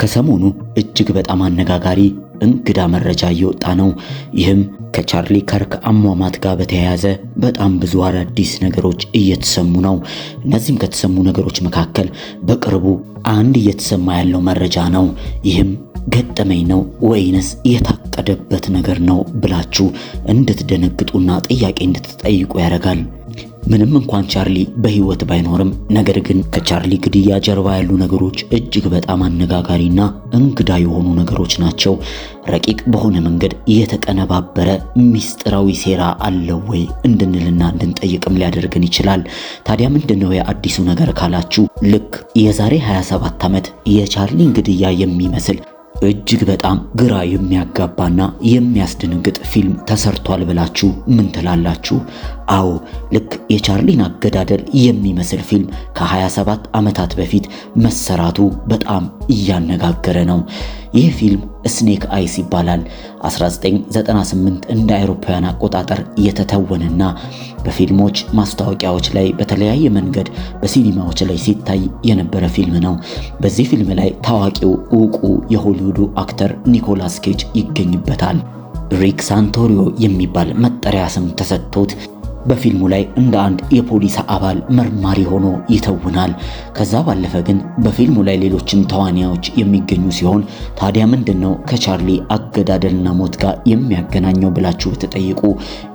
ከሰሞኑ እጅግ በጣም አነጋጋሪ እንግዳ መረጃ እየወጣ ነው። ይህም ከቻርሊ ከርክ አሟሟት ጋር በተያያዘ በጣም ብዙ አዳዲስ ነገሮች እየተሰሙ ነው። እነዚህም ከተሰሙ ነገሮች መካከል በቅርቡ አንድ እየተሰማ ያለው መረጃ ነው። ይህም ገጠመኝ ነው ወይንስ የታቀደበት ነገር ነው ብላችሁ እንድትደነግጡና ጥያቄ እንድትጠይቁ ያደርጋል። ምንም እንኳን ቻርሊ በህይወት ባይኖርም ነገር ግን ከቻርሊ ግድያ ጀርባ ያሉ ነገሮች እጅግ በጣም አነጋጋሪና እንግዳ የሆኑ ነገሮች ናቸው። ረቂቅ በሆነ መንገድ የተቀነባበረ ሚስጥራዊ ሴራ አለው ወይ እንድንልና እንድንጠይቅም ሊያደርግን ይችላል። ታዲያ ምንድነው የአዲሱ ነገር ካላችሁ ልክ የዛሬ 27 ዓመት የቻርሊን ግድያ የሚመስል እጅግ በጣም ግራ የሚያጋባና የሚያስደነግጥ ፊልም ተሰርቷል ብላችሁ ምን ትላላችሁ? አዎ ልክ የቻርሊን አገዳደል የሚመስል ፊልም ከ27 ዓመታት በፊት መሰራቱ በጣም እያነጋገረ ነው። ይህ ፊልም ስኔክ አይስ ይባላል። 1998 እንደ አውሮፓውያን አቆጣጠር የተተወነና በፊልሞች ማስታወቂያዎች ላይ በተለያየ መንገድ በሲኒማዎች ላይ ሲታይ የነበረ ፊልም ነው። በዚህ ፊልም ላይ ታዋቂው እውቁ የሆሊውዱ አክተር ኒኮላስ ኬጅ ይገኝበታል። ሪክ ሳንቶሪዮ የሚባል መጠሪያ ስም ተሰጥቶት በፊልሙ ላይ እንደ አንድ የፖሊስ አባል መርማሪ ሆኖ ይተውናል። ከዛ ባለፈ ግን በፊልሙ ላይ ሌሎችም ተዋናዮች የሚገኙ ሲሆን ታዲያ ምንድን ነው ከቻርሊ አገዳደልና ሞት ጋር የሚያገናኘው ብላችሁ ብትጠይቁ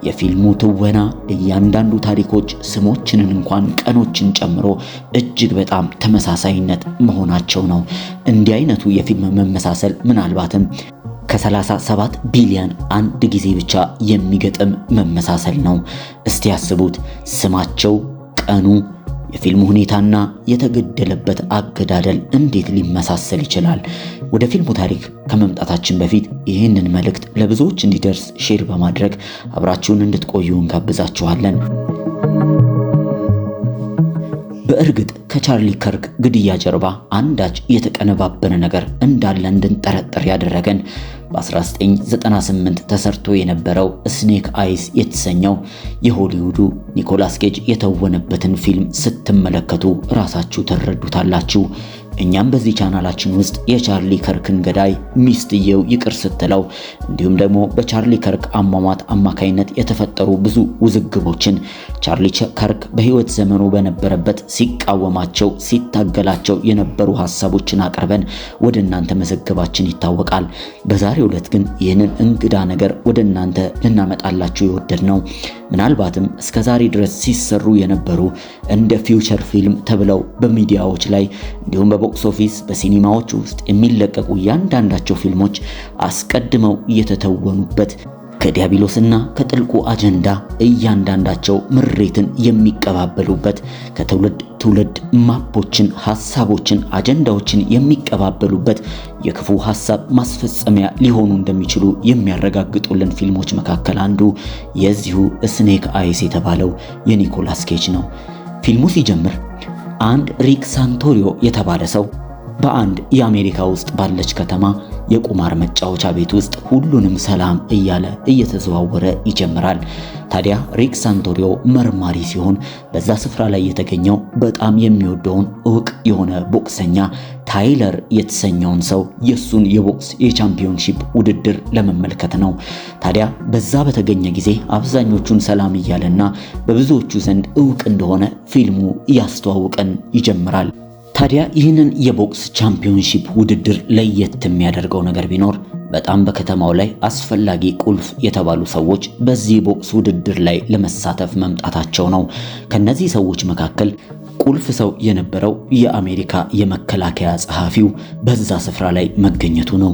የፊልሙ ትወና፣ እያንዳንዱ ታሪኮች ስሞችንን እንኳን ቀኖችን ጨምሮ እጅግ በጣም ተመሳሳይነት መሆናቸው ነው። እንዲህ አይነቱ የፊልም መመሳሰል ምናልባትም ከ37 ቢሊዮን አንድ ጊዜ ብቻ የሚገጥም መመሳሰል ነው። እስቲ ያስቡት። ስማቸው፣ ቀኑ፣ የፊልሙ ሁኔታና የተገደለበት አገዳደል እንዴት ሊመሳሰል ይችላል? ወደ ፊልሙ ታሪክ ከመምጣታችን በፊት ይህንን መልእክት ለብዙዎች እንዲደርስ ሼር በማድረግ አብራችሁን እንድትቆዩ እንጋብዛችኋለን። በእርግጥ ከቻርሊ ከርክ ግድያ ጀርባ አንዳች የተቀነባበረ ነገር እንዳለ እንድንጠረጠር ያደረገን በ1998 ተሰርቶ የነበረው ስኔክ አይስ የተሰኘው የሆሊውዱ ኒኮላስ ኬጅ የተወነበትን ፊልም ስትመለከቱ ራሳችሁ ትረዱታላችሁ። እኛም በዚህ ቻናላችን ውስጥ የቻርሊ ከርክን ገዳይ ሚስትየው ይቅር ስትለው እንዲሁም ደግሞ በቻርሊ ከርክ አሟሟት አማካይነት የተፈጠሩ ብዙ ውዝግቦችን ቻርሊ ከርክ በሕይወት ዘመኑ በነበረበት ሲቃወማቸው ሲታገላቸው የነበሩ ሀሳቦችን አቅርበን ወደ እናንተ መዘገባችን ይታወቃል። በዛሬው ዕለት ግን ይህንን እንግዳ ነገር ወደ እናንተ ልናመጣላችሁ የወደድ ነው። ምናልባትም እስከ ዛሬ ድረስ ሲሰሩ የነበሩ እንደ ፊውቸር ፊልም ተብለው በሚዲያዎች ላይ እንዲሁም ቦክስ ኦፊስ በሲኒማዎች ውስጥ የሚለቀቁ እያንዳንዳቸው ፊልሞች አስቀድመው እየተተወኑበት ከዲያብሎስና ከጥልቁ አጀንዳ እያንዳንዳቸው ምሬትን የሚቀባበሉበት ከትውልድ ትውልድ ማፖችን፣ ሐሳቦችን፣ አጀንዳዎችን የሚቀባበሉበት የክፉ ሐሳብ ማስፈጸሚያ ሊሆኑ እንደሚችሉ የሚያረጋግጡልን ፊልሞች መካከል አንዱ የዚሁ ስኔክ አይስ የተባለው የኒኮላስ ኬጅ ነው። ፊልሙ ሲጀምር አንድ ሪክ ሳንቶሪዮ የተባለ ሰው በአንድ የአሜሪካ ውስጥ ባለች ከተማ የቁማር መጫወቻ ቤት ውስጥ ሁሉንም ሰላም እያለ እየተዘዋወረ ይጀምራል። ታዲያ ሪክ ሳንቶሪዮ መርማሪ ሲሆን በዛ ስፍራ ላይ የተገኘው በጣም የሚወደውን እውቅ የሆነ ቦክሰኛ ታይለር የተሰኘውን ሰው የሱን የቦክስ የቻምፒዮንሺፕ ውድድር ለመመልከት ነው። ታዲያ በዛ በተገኘ ጊዜ አብዛኞቹን ሰላም እያለና በብዙዎቹ ዘንድ እውቅ እንደሆነ ፊልሙ ያስተዋውቀን ይጀምራል። ታዲያ ይህንን የቦክስ ቻምፒዮንሺፕ ውድድር ለየት የሚያደርገው ነገር ቢኖር በጣም በከተማው ላይ አስፈላጊ ቁልፍ የተባሉ ሰዎች በዚህ ቦክስ ውድድር ላይ ለመሳተፍ መምጣታቸው ነው። ከነዚህ ሰዎች መካከል ቁልፍ ሰው የነበረው የአሜሪካ የመከላከያ ጸሐፊው በዛ ስፍራ ላይ መገኘቱ ነው።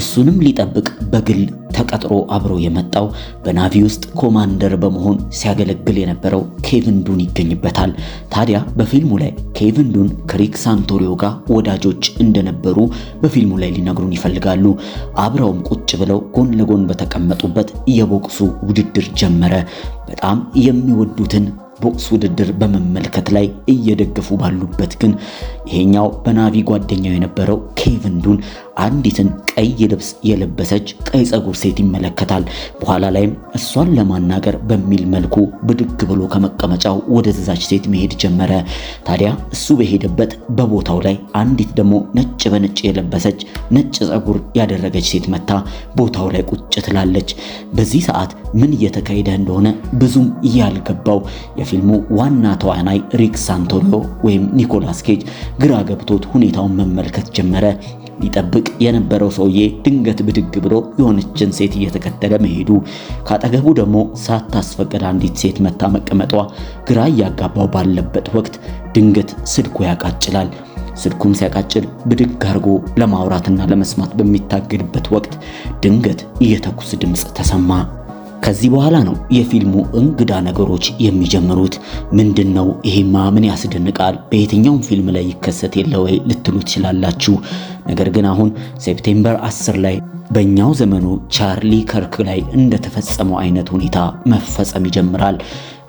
እሱንም ሊጠብቅ በግል ተቀጥሮ አብሮ የመጣው በናቪ ውስጥ ኮማንደር በመሆን ሲያገለግል የነበረው ኬቪን ዱን ይገኝበታል። ታዲያ በፊልሙ ላይ ኬቪን ዱን ከሪክ ሳንቶሪዮ ጋር ወዳጆች እንደነበሩ በፊልሙ ላይ ሊነግሩን ይፈልጋሉ። አብረውም ቁጭ ብለው ጎን ለጎን በተቀመጡበት የቦክሱ ውድድር ጀመረ። በጣም የሚወዱትን ቦክስ ውድድር በመመልከት ላይ እየደገፉ ባሉበት ግን ይሄኛው በናቪ ጓደኛው የነበረው ኬቪን ዱን አንዲትን ቀይ ልብስ የለበሰች ቀይ ጸጉር ሴት ይመለከታል። በኋላ ላይም እሷን ለማናገር በሚል መልኩ ብድግ ብሎ ከመቀመጫው ወደዛች ሴት መሄድ ጀመረ። ታዲያ እሱ በሄደበት በቦታው ላይ አንዲት ደግሞ ነጭ በነጭ የለበሰች ነጭ ጸጉር ያደረገች ሴት መታ ቦታው ላይ ቁጭ ትላለች። በዚህ ሰዓት ምን እየተካሄደ እንደሆነ ብዙም ያልገባው የፊልሙ ዋና ተዋናይ ሪክ ሳንቶሪዮ ወይም ኒኮላስ ኬጅ ግራ ገብቶት ሁኔታውን መመልከት ጀመረ። ሊጠብቅ የነበረው ሰውዬ ድንገት ብድግ ብሎ የሆነችን ሴት እየተከተለ መሄዱ፣ ካጠገቡ ደግሞ ሳታስፈቅድ አንዲት ሴት መታ መቀመጧ ግራ እያጋባው ባለበት ወቅት ድንገት ስልኩ ያቃጭላል። ስልኩም ሲያቃጭል ብድግ አርጎ ለማውራትና ለመስማት በሚታገድበት ወቅት ድንገት እየተኩስ ድምፅ ተሰማ። ከዚህ በኋላ ነው የፊልሙ እንግዳ ነገሮች የሚጀምሩት። ምንድን ነው ይሄማ? ምን ያስደንቃል? በየትኛውም ፊልም ላይ ይከሰት የለ ወይ ልትሉ ትችላላችሁ። ነገር ግን አሁን ሴፕቴምበር 10 ላይ በእኛው ዘመኑ ቻርሊ ከርክ ላይ እንደተፈጸመው አይነት ሁኔታ መፈጸም ይጀምራል።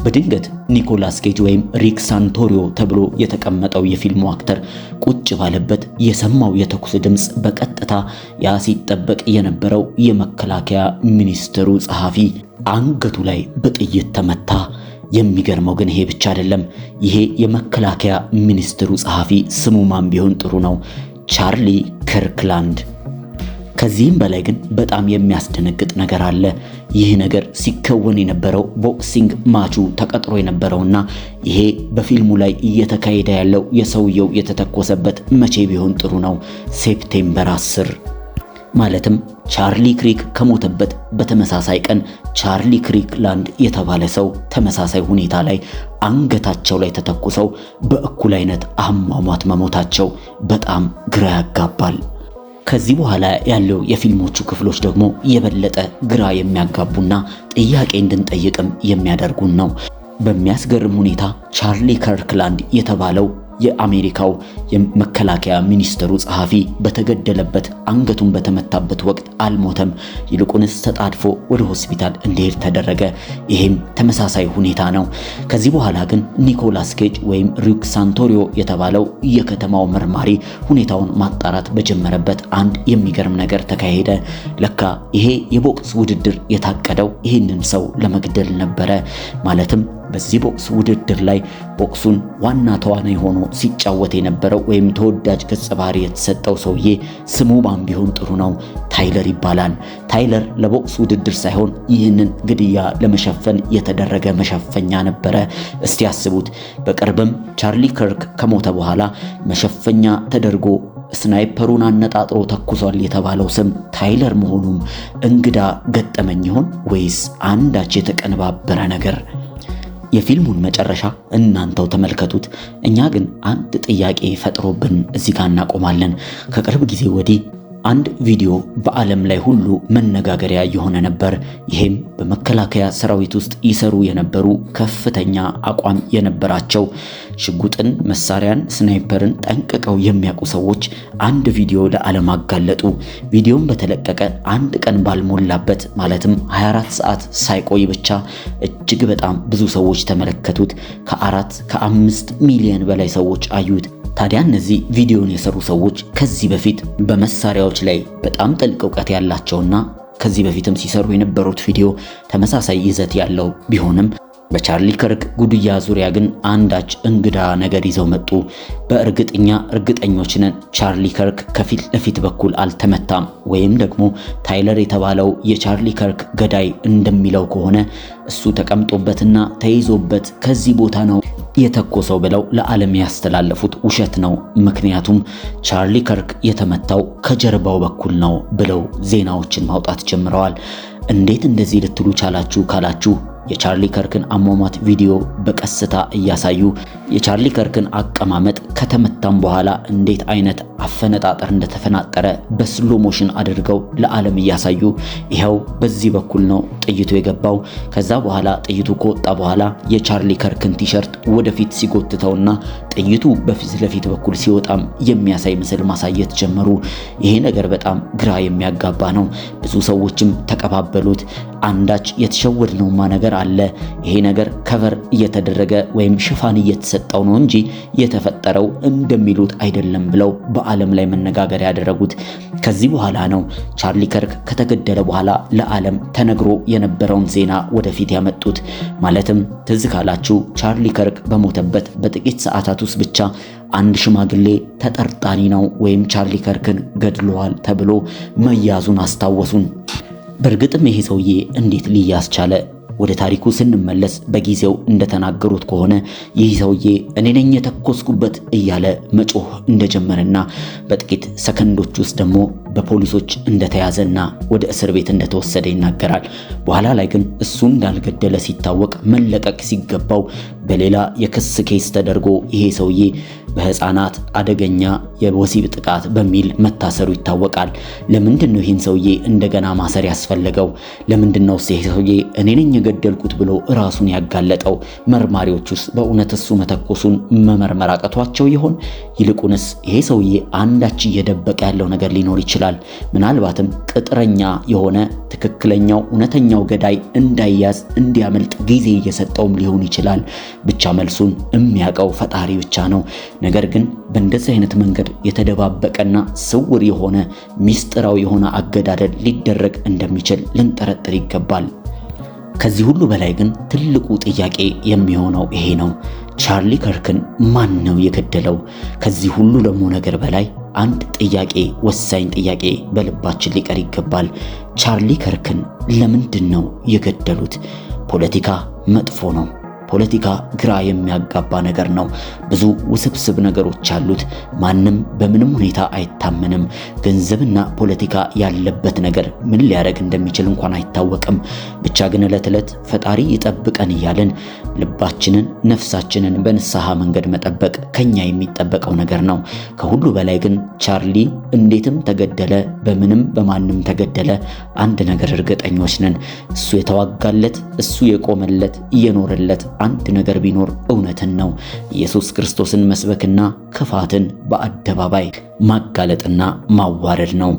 በድንገት ኒኮላስ ኬጅ ወይም ሪክ ሳንቶሪዮ ተብሎ የተቀመጠው የፊልሙ አክተር ቁጭ ባለበት የሰማው የተኩስ ድምፅ በቀጥታ ያ ሲጠበቅ የነበረው የመከላከያ ሚኒስትሩ ጸሐፊ አንገቱ ላይ በጥይት ተመታ። የሚገርመው ግን ይሄ ብቻ አይደለም። ይሄ የመከላከያ ሚኒስትሩ ጸሐፊ ስሙ ማን ቢሆን ጥሩ ነው? ቻርሊ ከርክላንድ ከዚህም በላይ ግን በጣም የሚያስደነግጥ ነገር አለ። ይህ ነገር ሲከወን የነበረው ቦክሲንግ ማቹ ተቀጥሮ የነበረውና ይሄ በፊልሙ ላይ እየተካሄደ ያለው የሰውየው የተተኮሰበት መቼ ቢሆን ጥሩ ነው? ሴፕቴምበር 10 ማለትም ቻርሊ ክሪክ ከሞተበት በተመሳሳይ ቀን ቻርሊ ክሪክ ላንድ የተባለ ሰው ተመሳሳይ ሁኔታ ላይ አንገታቸው ላይ ተተኩሰው በእኩል አይነት አሟሟት መሞታቸው በጣም ግራ ያጋባል። ከዚህ በኋላ ያለው የፊልሞቹ ክፍሎች ደግሞ የበለጠ ግራ የሚያጋቡና ጥያቄ እንድንጠይቅም የሚያደርጉን ነው። በሚያስገርም ሁኔታ ቻርሊ ከርክላንድ የተባለው የአሜሪካው የመከላከያ ሚኒስትሩ ጸሐፊ በተገደለበት አንገቱን በተመታበት ወቅት አልሞተም፣ ይልቁንስ ተጣድፎ ወደ ሆስፒታል እንዲሄድ ተደረገ። ይህም ተመሳሳይ ሁኔታ ነው። ከዚህ በኋላ ግን ኒኮላስ ኬጅ ወይም ሪክ ሳንቶሪዮ የተባለው የከተማው መርማሪ ሁኔታውን ማጣራት በጀመረበት አንድ የሚገርም ነገር ተካሄደ። ለካ ይሄ የቦክስ ውድድር የታቀደው ይህንን ሰው ለመግደል ነበረ። ማለትም በዚህ ቦክስ ውድድር ላይ ቦክሱን ዋና ተዋናይ ሆኖ ሲጫወት የነበረው ወይም ተወዳጅ ገጸ ባህሪ የተሰጠው ሰውዬ ስሙ ማን ቢሆን ጥሩ ነው? ታይለር ይባላል። ታይለር ለቦክስ ውድድር ሳይሆን ይህንን ግድያ ለመሸፈን የተደረገ መሸፈኛ ነበረ። እስቲ ያስቡት። በቅርብም ቻርሊ ከርክ ከሞተ በኋላ መሸፈኛ ተደርጎ ስናይፐሩን አነጣጥሮ ተኩሷል የተባለው ስም ታይለር መሆኑም እንግዳ ገጠመኝ ይሆን ወይስ አንዳች የተቀነባበረ ነገር የፊልሙን መጨረሻ እናንተው ተመልከቱት። እኛ ግን አንድ ጥያቄ ፈጥሮብን እዚህ ጋር እናቆማለን። ከቅርብ ጊዜ ወዲህ አንድ ቪዲዮ በዓለም ላይ ሁሉ መነጋገሪያ የሆነ ነበር። ይሄም በመከላከያ ሰራዊት ውስጥ ይሰሩ የነበሩ ከፍተኛ አቋም የነበራቸው ሽጉጥን፣ መሳሪያን፣ ስናይፐርን ጠንቅቀው የሚያውቁ ሰዎች አንድ ቪዲዮ ለዓለም አጋለጡ። ቪዲዮም በተለቀቀ አንድ ቀን ባልሞላበት ማለትም 24 ሰዓት ሳይቆይ ብቻ እጅግ በጣም ብዙ ሰዎች ተመለከቱት። ከአራት ከአምስት ሚሊዮን በላይ ሰዎች አዩት። ታዲያ እነዚህ ቪዲዮን የሰሩ ሰዎች ከዚህ በፊት በመሳሪያዎች ላይ በጣም ጥልቅ እውቀት ያላቸውና ከዚህ በፊትም ሲሰሩ የነበሩት ቪዲዮ ተመሳሳይ ይዘት ያለው ቢሆንም በቻርሊ ከርክ ጉድያ ዙሪያ ግን አንዳች እንግዳ ነገር ይዘው መጡ። በእርግጥኛ እርግጠኞች ነን ቻርሊ ከርክ ከፊት ለፊት በኩል አልተመታም፣ ወይም ደግሞ ታይለር የተባለው የቻርሊ ከርክ ገዳይ እንደሚለው ከሆነ እሱ ተቀምጦበትና ተይዞበት ከዚህ ቦታ ነው የተኮሰው ብለው ለዓለም ያስተላለፉት ውሸት ነው። ምክንያቱም ቻርሊ ከርክ የተመታው ከጀርባው በኩል ነው ብለው ዜናዎችን ማውጣት ጀምረዋል። እንዴት እንደዚህ ልትሉ ቻላችሁ ካላችሁ የቻርሊ ከርክን አሟሟት ቪዲዮ በቀስታ እያሳዩ የቻርሊ ከርክን አቀማመጥ ከተመታም በኋላ እንዴት አይነት አፈነጣጠር እንደተፈናጠረ በስሎ ሞሽን አድርገው ለዓለም እያሳዩ ይኸው በዚህ በኩል ነው ጥይቱ የገባው። ከዛ በኋላ ጥይቱ ከወጣ በኋላ የቻርሊ ከርክን ቲሸርት ወደፊት ሲጎትተውና ጥይቱ በፊት ለፊት በኩል ሲወጣም የሚያሳይ ምስል ማሳየት ጀመሩ። ይሄ ነገር በጣም ግራ የሚያጋባ ነው። ብዙ ሰዎችም ተቀባበሉት። አንዳች የተሸወድነውማ ነገር አለ። ይሄ ነገር ከቨር እየተደረገ ወይም ሽፋን እየተሰጠው ነው እንጂ የተፈጠረው እንደሚሉት አይደለም ብለው በዓለም ላይ መነጋገር ያደረጉት ከዚህ በኋላ ነው። ቻርሊ ከርክ ከተገደለ በኋላ ለዓለም ተነግሮ የነበረውን ዜና ወደፊት ያመጡት። ማለትም ትዝ ካላችሁ ቻርሊ ከርክ በሞተበት በጥቂት ሰዓታት ውስጥ ብቻ አንድ ሽማግሌ ተጠርጣሪ ነው ወይም ቻርሊ ከርክን ገድለዋል ተብሎ መያዙን አስታወሱን። በእርግጥም ይሄ ሰውዬ እንዴት ሊያስቻለ ወደ ታሪኩ ስንመለስ በጊዜው እንደተናገሩት ከሆነ ይህ ሰውዬ እኔ ነኝ የተኮስኩበት እያለ መጮህ እንደጀመረና በጥቂት ሰከንዶች ውስጥ ደግሞ በፖሊሶች እንደተያዘና ወደ እስር ቤት እንደተወሰደ ይናገራል። በኋላ ላይ ግን እሱ እንዳልገደለ ሲታወቅ መለቀቅ ሲገባው በሌላ የክስ ኬስ ተደርጎ ይሄ ሰውዬ በህፃናት አደገኛ የወሲብ ጥቃት በሚል መታሰሩ ይታወቃል። ለምንድን ነው ይህን ሰውዬ እንደገና ማሰር ያስፈለገው? ለምንድን ነው ይህ ሰውዬ እኔ ነኝ የገደልኩት ብሎ ራሱን ያጋለጠው? መርማሪዎች ውስጥ በእውነት እሱ መተኮሱን መመርመር አቅቷቸው ይሆን? ይልቁንስ ይሄ ሰውዬ አንዳች እየደበቀ ያለው ነገር ሊኖር ይችላል። ምናልባትም ቅጥረኛ የሆነ ትክክለኛው እውነተኛው ገዳይ እንዳይያዝ እንዲያመልጥ ጊዜ እየሰጠውም ሊሆን ይችላል። ብቻ መልሱን የሚያውቀው ፈጣሪ ብቻ ነው። ነገር ግን በእንደዚህ አይነት መንገድ የተደባበቀና ስውር የሆነ ሚስጥራዊ የሆነ አገዳደል ሊደረግ እንደሚችል ልንጠረጥር ይገባል። ከዚህ ሁሉ በላይ ግን ትልቁ ጥያቄ የሚሆነው ይሄ ነው። ቻርሊ ከርክን ማን ነው የገደለው? ከዚህ ሁሉ ደግሞ ነገር በላይ አንድ ጥያቄ፣ ወሳኝ ጥያቄ በልባችን ሊቀር ይገባል። ቻርሊ ከርክን ለምንድን ነው የገደሉት? ፖለቲካ መጥፎ ነው። ፖለቲካ ግራ የሚያጋባ ነገር ነው። ብዙ ውስብስብ ነገሮች አሉት። ማንም በምንም ሁኔታ አይታመንም። ገንዘብና ፖለቲካ ያለበት ነገር ምን ሊያደርግ እንደሚችል እንኳን አይታወቅም። ብቻ ግን ዕለት ዕለት ፈጣሪ ይጠብቀን እያልን ልባችንን፣ ነፍሳችንን በንስሐ መንገድ መጠበቅ ከኛ የሚጠበቀው ነገር ነው። ከሁሉ በላይ ግን ቻርሊ እንዴትም ተገደለ፣ በምንም በማንም ተገደለ፣ አንድ ነገር እርግጠኞች ነን። እሱ የተዋጋለት፣ እሱ የቆመለት፣ እየኖረለት አንድ ነገር ቢኖር እውነትን ነው። ኢየሱስ ክርስቶስን መስበክና ክፋትን በአደባባይ ማጋለጥና ማዋረድ ነው።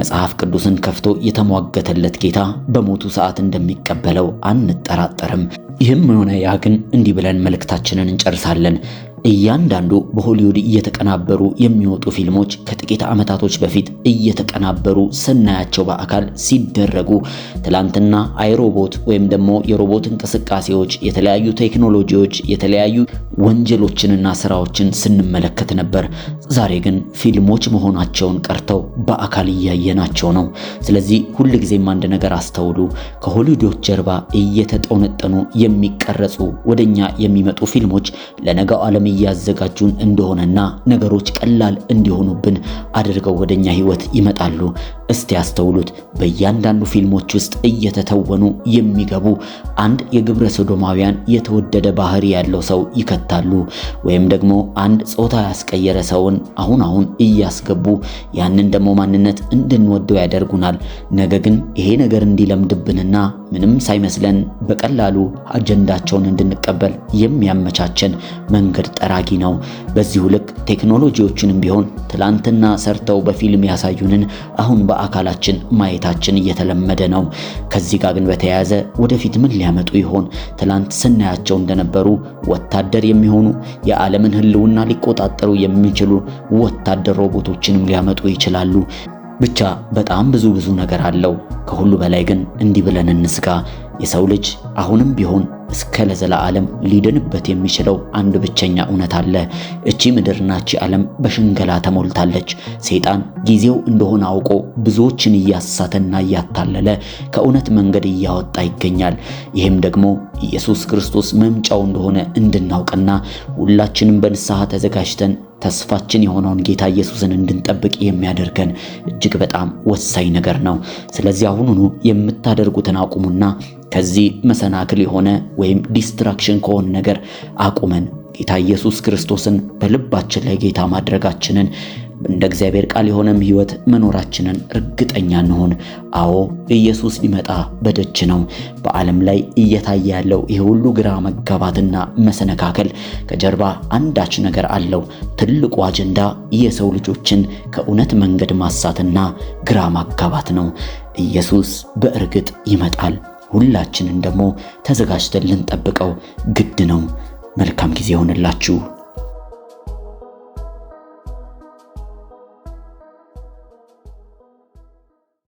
መጽሐፍ ቅዱስን ከፍቶ የተሟገተለት ጌታ በሞቱ ሰዓት እንደሚቀበለው አንጠራጠርም። ይህም ሆነ ያ ግን እንዲህ ብለን መልእክታችንን እንጨርሳለን። እያንዳንዱ በሆሊውድ እየተቀናበሩ የሚወጡ ፊልሞች ከጥቂት ዓመታቶች በፊት እየተቀናበሩ ስናያቸው በአካል ሲደረጉ ትላንትና አይሮቦት ወይም ደግሞ የሮቦት እንቅስቃሴዎች፣ የተለያዩ ቴክኖሎጂዎች፣ የተለያዩ ወንጀሎችንና ስራዎችን ስንመለከት ነበር። ዛሬ ግን ፊልሞች መሆናቸውን ቀርተው በአካል እያየናቸው ነው። ስለዚህ ሁልጊዜም አንድ ነገር አስተውሉ። ከሆሊውዶች ጀርባ እየተጠነጠኑ የሚቀረጹ ወደኛ የሚመጡ ፊልሞች ለነገው ዓለም እያዘጋጁን እንደሆነና ነገሮች ቀላል እንዲሆኑብን አድርገው ወደኛ ህይወት ይመጣሉ። እስቲ ያስተውሉት። በእያንዳንዱ ፊልሞች ውስጥ እየተተወኑ የሚገቡ አንድ የግብረ ሶዶማውያን የተወደደ ባህሪ ያለው ሰው ይከታሉ፣ ወይም ደግሞ አንድ ጾታ ያስቀየረ ሰውን አሁን አሁን እያስገቡ ያንን ደግሞ ማንነት እንድንወደው ያደርጉናል። ነገ ግን ይሄ ነገር እንዲለምድብንና ምንም ሳይመስለን በቀላሉ አጀንዳቸውን እንድንቀበል የሚያመቻቸን መንገድ ጠራጊ ነው። በዚሁ ልክ ቴክኖሎጂዎችንም ቢሆን ትላንትና ሰርተው በፊልም ያሳዩንን አሁን በአካላችን ማየታችን እየተለመደ ነው። ከዚህ ጋር ግን በተያያዘ ወደፊት ምን ሊያመጡ ይሆን? ትላንት ስናያቸው እንደነበሩ ወታደር የሚሆኑ የዓለምን ሕልውና ሊቆጣጠሩ የሚችሉ ወታደር ሮቦቶችንም ሊያመጡ ይችላሉ። ብቻ በጣም ብዙ ብዙ ነገር አለው። ከሁሉ በላይ ግን እንዲህ ብለን እንስጋ፣ የሰው ልጅ አሁንም ቢሆን እስከ ለዘላለም ሊድንበት የሚችለው አንድ ብቸኛ እውነት አለ። እቺ ምድርና እቺ ዓለም በሽንገላ ተሞልታለች። ሰይጣን ጊዜው እንደሆነ አውቆ ብዙዎችን እያሳተና እያታለለ ከእውነት መንገድ እያወጣ ይገኛል። ይህም ደግሞ ኢየሱስ ክርስቶስ መምጫው እንደሆነ እንድናውቅና ሁላችንም በንስሐ ተዘጋጅተን ተስፋችን የሆነውን ጌታ ኢየሱስን እንድንጠብቅ የሚያደርገን እጅግ በጣም ወሳኝ ነገር ነው። ስለዚህ አሁኑኑ የምታደርጉትን አቁሙና ከዚህ መሰናክል የሆነ ወይም ዲስትራክሽን ከሆነ ነገር አቁመን ጌታ ኢየሱስ ክርስቶስን በልባችን ላይ ጌታ ማድረጋችንን እንደ እግዚአብሔር ቃል የሆነም ሕይወት መኖራችንን እርግጠኛ እንሆን። አዎ ኢየሱስ ሊመጣ በደጅ ነው። በዓለም ላይ እየታየ ያለው ይህ ሁሉ ግራ መጋባትና መሰነካከል ከጀርባ አንዳች ነገር አለው። ትልቁ አጀንዳ የሰው ልጆችን ከእውነት መንገድ ማሳትና ግራ ማጋባት ነው። ኢየሱስ በእርግጥ ይመጣል። ሁላችንን ደግሞ ተዘጋጅተን ልንጠብቀው ግድ ነው። መልካም ጊዜ ይሆንላችሁ።